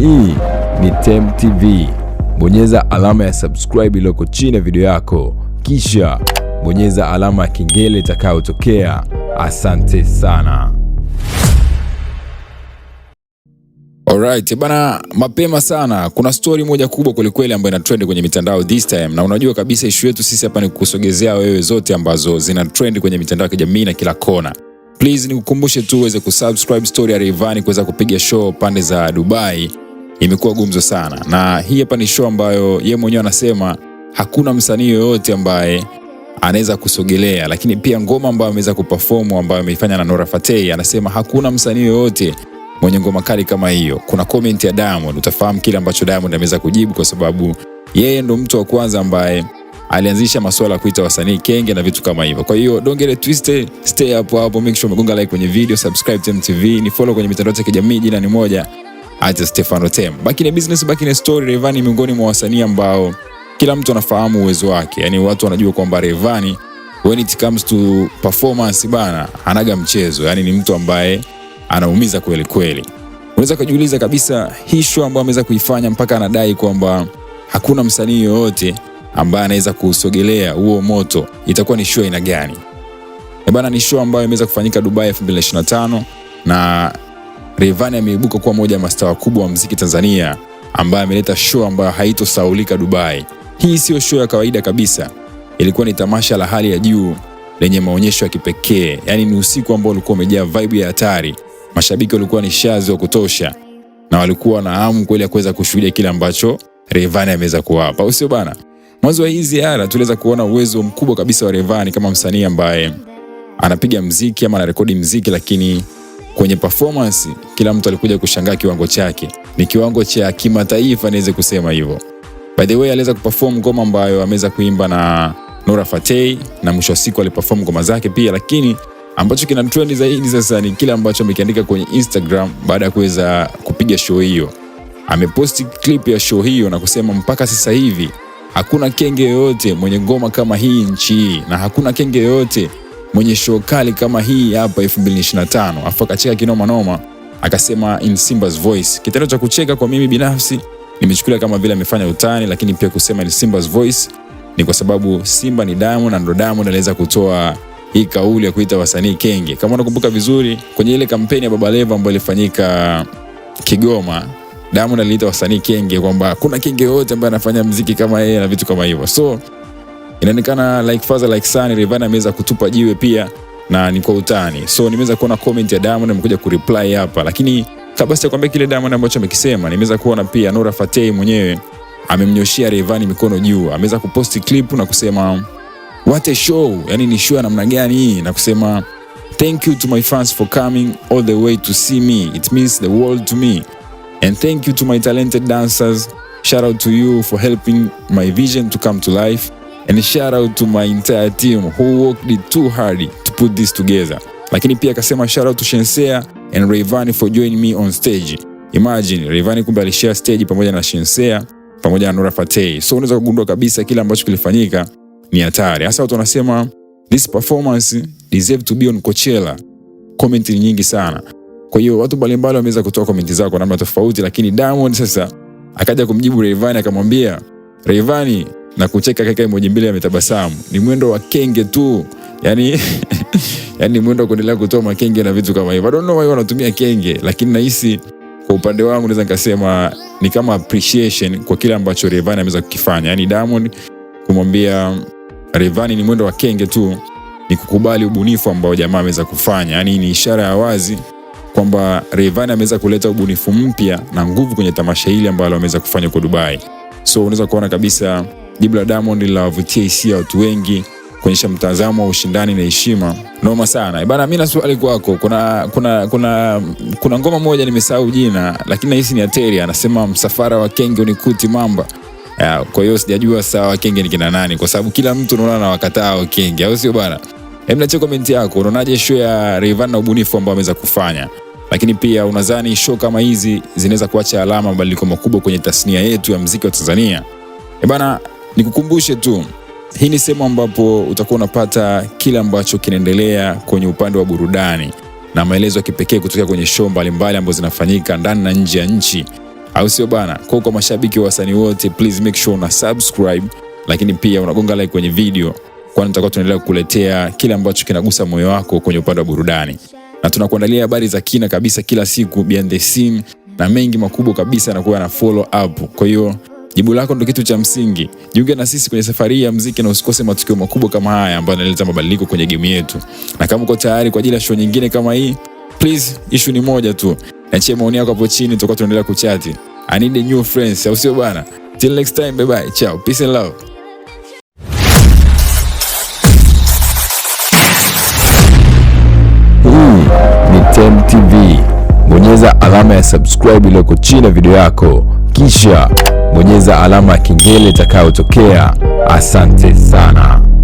Hii ni Temu TV. Bonyeza alama ya subscribe iliyoko chini ya video yako, kisha bonyeza alama ya kengele itakayotokea. Asante sana. Alright, bana, mapema sana kuna stori moja kubwa kwelikweli ambayo ina trend kwenye mitandao this time, na unajua kabisa ishu yetu sisi hapa ni kukusogezea wewe zote ambazo zina trend kwenye mitandao ya kijamii na kila kona. Please nikukumbushe tu uweze kusubscribe story ya Rayvanny kuweza kupiga show pande za Dubai imekuwa gumzo sana, na hii hapa ni show ambayo ye mwenyewe anasema hakuna msanii yoyote ambaye anaweza kusogelea, lakini pia ngoma ambayo ameweza kuperform ambayo ameifanya na Nora Fatei, anasema hakuna msanii yoyote mwenye ngoma kali kama hiyo. Kuna comment ya Diamond, utafahamu kile ambacho Diamond ameweza kujibu, kwa sababu yeye ndo mtu wa kwanza ambaye alianzisha masuala ya kuita wasanii kenge na vitu kama hivyo. Kwa hiyo don't get it twisted, stay hapo hapo, make sure umegonga like kwenye video, subscribe to MTV, ni follow kwenye mitandao ya kijamii, jina ni moja artist Stefano Tem. Back in business, back in story. Rayvanny miongoni mwa wasanii ambao kila mtu anafahamu uwezo wake, yaani watu wanajua kwamba Rayvanny when it comes to performance bana, anaga mchezo, yaani ni mtu ambaye anaumiza kweli kweli. Unaweza kujiuliza kabisa hii show ambayo ameweza kuifanya mpaka anadai kwamba hakuna msanii yoyote ambaye anaweza kusogelea huo moto, itakuwa ni show aina gani? E bana, ni show ambayo imeweza kufanyika Dubai 2025 na Rayvanny ameibuka kuwa moja ya mastaa wakubwa wa muziki Tanzania ambaye ameleta show ambayo haitosahaulika Dubai. Hii siyo show ya kawaida kabisa, ilikuwa ni tamasha la hali ya juu lenye maonyesho ya kipekee. Yaani ni usiku ambao ulikuwa umejaa vibe ya hatari, mashabiki walikuwa ni shazi wa kutosha na walikuwa na hamu kweli ya kuweza kushuhudia kile ambacho Rayvanny ameweza kuwapa, au sio bana? Mwanzo wa hii ziara tuliweza kuona uwezo mkubwa kabisa wa Rayvanny kama msanii ambaye anapiga mziki ama anarekodi mziki lakini kwenye performance, kila mtu alikuja kushangaa kiwango chake, ni kiwango cha kimataifa niweze kusema hivyo. By the way, aliweza kuperform ngoma ambayo ameweza kuimba na Nora Fatei na mwisho wa siku aliperform ngoma zake pia, lakini ambacho kina trend zaidi sasa ni kile ambacho amekiandika kwenye Instagram baada ya kuweza kupiga show hiyo. Ameposti clip ya show hiyo na kusema mpaka sasa hivi hakuna kenge yoyote mwenye ngoma kama hii nchi na hakuna kenge yoyote mwenye show kali kama hii hapa 2025, afu akacheka kinoma noma, akasema in Simba's voice. Kitendo cha kucheka kwa mimi binafsi nimechukulia kama vile amefanya utani, lakini pia kusema in Simba's voice ni kwa sababu Simba ni damu na ndo damu anaweza kutoa hii kauli ya kuita wasanii kenge. Kama unakumbuka vizuri, kwenye ile kampeni ya Baba Levo ambayo ilifanyika Kigoma, Diamond aliita wasanii kenge, kwamba kuna kenge yoyote ambaye anafanya mziki kama yeye na vitu kama hivyo so inaonekana like father like son, Rayvanny ameweza kutupa jiwe pia na ni kwa utani. So nimeweza kuona comment ya Diamond amekuja kureply hapa, lakini kabla sijakwambia kile Diamond ambacho amekisema, nimeweza kuona pia Nora Fatei mwenyewe amemnyoshia Rayvanny mikono juu, ameweza kuposti clip na kusema what a show, yani ni show namna gani hii, na kusema thank you to my fans for coming all the way to see me, it means the world to me and thank you to my talented dancers, shout out to you for helping my vision to come to life And shout out to my entire team who worked it too hard to put this together. Lakini pia akasema shout out to Shensea and Rayvanny for joining me on stage. Imagine Rayvanny kumbe alishare stage pamoja na Shensea pamoja na Nura Fatei. So unaweza kugundua kabisa kile ambacho kilifanyika ni hatari. Hasa watu wanasema this performance deserve to be on Coachella. Comment ni nyingi sana. Kwa hiyo watu mbalimbali wameweza kutoa comment zao kwa namna tofauti, lakini Diamond sasa akaja kumjibu Rayvanny akamwambia, Rayvanny na kucheka kaka emoji mbili ametabasamu. Ni mwendo wa kenge tu yani, yani mwendo kuendelea kutoa makenge na vitu kama hivyo. I don't know why wanatumia kenge, lakini nahisi kwa upande wangu naweza nikasema ni kama appreciation kwa kile ambacho Rayvanny ameweza kukifanya. Yani Diamond kumwambia Rayvanny ni mwendo wa kenge tu, ni kukubali ubunifu ambao jamaa ameweza kufanya. Yani ni ishara ya wazi kwamba Rayvanny ameweza kuleta ubunifu mpya na nguvu kwenye tamasha hili ambalo ameweza kufanya kwa Dubai. So unaweza kuona kabisa Jibu la Diamond linawavutia hisia watu wengi, kuonyesha mtazamo wa ushindani na heshima. Noma sana eh, bana. Mimi na swali kwako, kuna, kuna, kuna, kuna ngoma moja nimesahau jina, lakini nahisi ni Ateri anasema msafara wa Kenge unikuti mamba ya, kwa hiyo sijajua sawa Wakenge ni kina nani, kwa sababu kila mtu unaona na wakataa Wakenge, au sio bana? Hebu niache komenti yako, unaonaje show ya Rayvanny na ubunifu ambao ameweza kufanya, lakini pia unadhani show kama hizi zinaweza kuacha alama, mabadiliko makubwa kwenye tasnia yetu ya mziki wa Tanzania? E bana Nikukumbushe tu, hii ni sehemu ambapo utakuwa unapata kile ambacho kinaendelea kwenye upande wa burudani na maelezo ya kipekee kutoka kwenye show mbalimbali ambazo zinafanyika ndani na nje ya nchi, au sio bana? Kwa kwa mashabiki wa wasanii wote, please make sure una subscribe, lakini pia unagonga like kwenye video, kwani tutakuwa tunaendelea kukuletea kile ambacho kinagusa moyo wako kwenye upande wa burudani, na tunakuandalia habari za kina kabisa kila siku behind the scene, na mengi makubwa kabisa yanakuwa na follow up, kwa hiyo Jibu lako ndo kitu cha msingi. Jiunge na sisi kwenye safari ya muziki na usikose matukio makubwa kama haya ambayo yanaleta mabadiliko kwenye gemu yetu. Na kama uko tayari kwa ajili ya show nyingine kama hii, please issue ni moja tu. Niachie maoni yako hapo chini, tutakuwa tunaendelea kuchati. I need new friends, au sio bwana Till next time, bye bye. Ciao. Peace and love. tv Bonyeza alama ya subscribe iliyoko chini ya video yako, kisha bonyeza alama ya kengele itakayotokea. Asante sana.